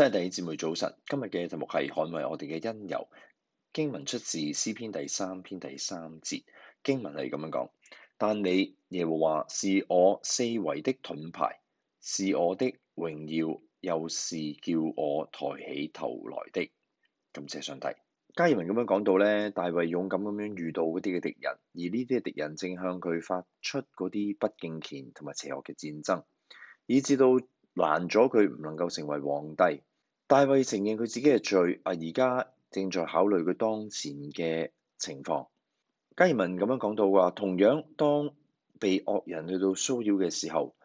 真係弟兄姊妹早晨，今日嘅題目係捍衛我哋嘅因由。經文出自詩篇第三篇第三節，經文係咁樣講：但你耶和華是我四圍的盾牌，是我的榮耀，又是叫我抬起頭來的。感謝上帝。加爾文咁樣講到咧，大衛勇敢咁樣遇到嗰啲嘅敵人，而呢啲嘅敵人正向佢發出嗰啲不敬虔同埋邪惡嘅戰爭，以至到難咗佢唔能夠成為皇帝。大衛承認佢自己嘅罪，啊，而家正在考慮佢當前嘅情況。加爾文咁樣講到話，同樣當被惡人去到騷擾嘅時候，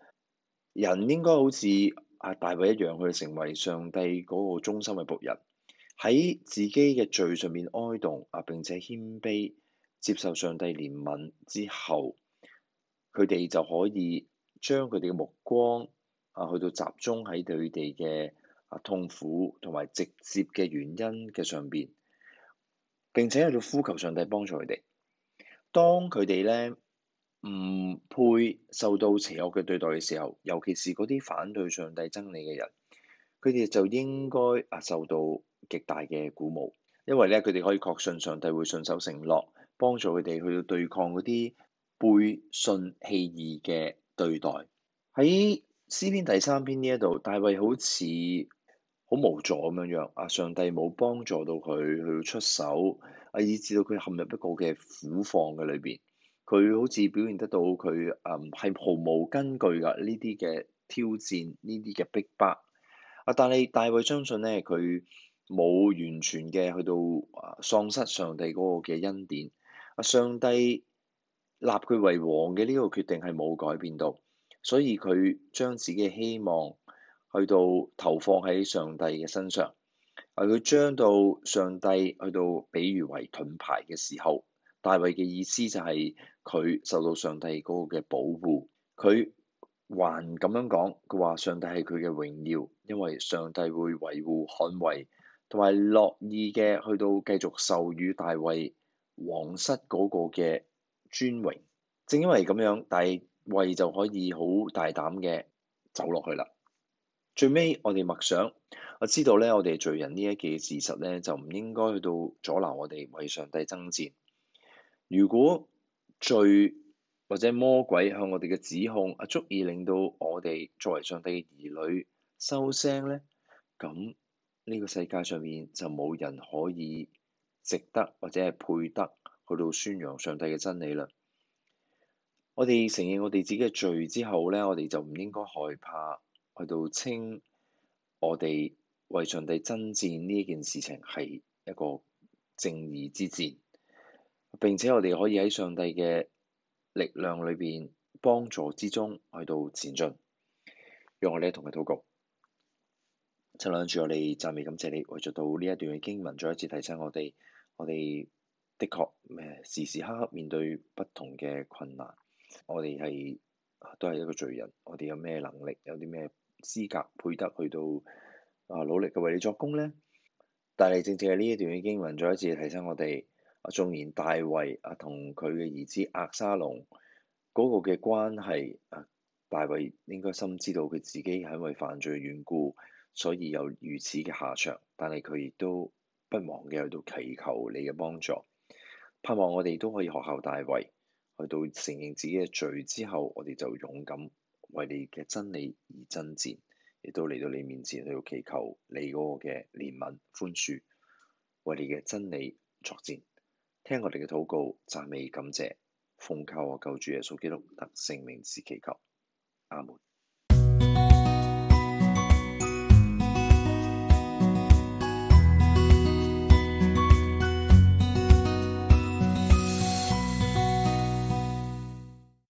人應該好似啊大衛一樣，去成為上帝嗰個忠心嘅僕人，喺自己嘅罪上面哀動啊，並且謙卑接受上帝憐憫之後，佢哋就可以將佢哋嘅目光啊去到集中喺佢哋嘅。啊痛苦同埋直接嘅原因嘅上邊，並且喺度呼求上帝幫助佢哋。當佢哋咧唔配受到邪惡嘅對待嘅時候，尤其是嗰啲反對上帝真理嘅人，佢哋就應該啊受到極大嘅鼓舞，因為咧佢哋可以確信上帝會順守承諾，幫助佢哋去到對抗嗰啲背信棄義嘅對待。喺詩篇第三篇呢一度，大衛好似，好無助咁樣樣，啊上帝冇幫助到佢去到出手，啊以至到佢陷入一個嘅苦況嘅裏邊。佢好似表現得到佢，嗯係毫無根據㗎。呢啲嘅挑戰，呢啲嘅逼迫。啊，但係大衛相信咧，佢冇完全嘅去到喪失上帝嗰個嘅恩典。啊，上帝立佢為王嘅呢個決定係冇改變到，所以佢將自己嘅希望。去到投放喺上帝嘅身上，係佢將到上帝去到，比喻為盾牌嘅時候，大衛嘅意思就係佢受到上帝嗰個嘅保護，佢還咁樣講，佢話上帝係佢嘅榮耀，因為上帝會維護、捍衛同埋樂意嘅去到繼續授予大衛皇室嗰個嘅尊榮，正因為咁樣，大衛就可以好大膽嘅走落去啦。最尾，我哋默想，我知道咧，我哋罪人呢一嘅事實咧，就唔應該去到阻攔我哋為上帝爭戰。如果罪或者魔鬼向我哋嘅指控啊，足以令到我哋作為上帝嘅兒女收聲咧，咁呢個世界上面就冇人可以值得或者係配得去到宣揚上帝嘅真理啦。我哋承認我哋自己嘅罪之後咧，我哋就唔應該害怕。去到稱我哋為上帝爭戰呢一件事情係一個正義之戰，並且我哋可以喺上帝嘅力量裏邊幫助之中去到前進。讓我哋同佢禱告。親兩主，我哋讚美感謝你，為咗到呢一段嘅經文，再一次提醒我哋，我哋的確誒時時刻刻面對不同嘅困難，我哋係都係一個罪人，我哋有咩能力，有啲咩？資格配得去到啊努力嘅為你作工咧，但係正正係呢一段嘅經文再一次提醒我哋。啊，縱然大衛啊同佢嘅兒子阿沙龍嗰、那個嘅關係啊，大衛應該深知道佢自己係因為犯罪嘅緣故，所以有如此嘅下場。但係佢亦都不忘嘅去到祈求你嘅幫助，盼望我哋都可以學效大衛，去到承認自己嘅罪之後，我哋就勇敢。為你嘅真理而爭戰，亦都嚟到你面前要祈求你嗰個嘅憐憫寬恕，為你嘅真理作戰。聽我哋嘅禱告，讚美感謝，奉靠我救主耶穌基督得聖名之祈求，阿門。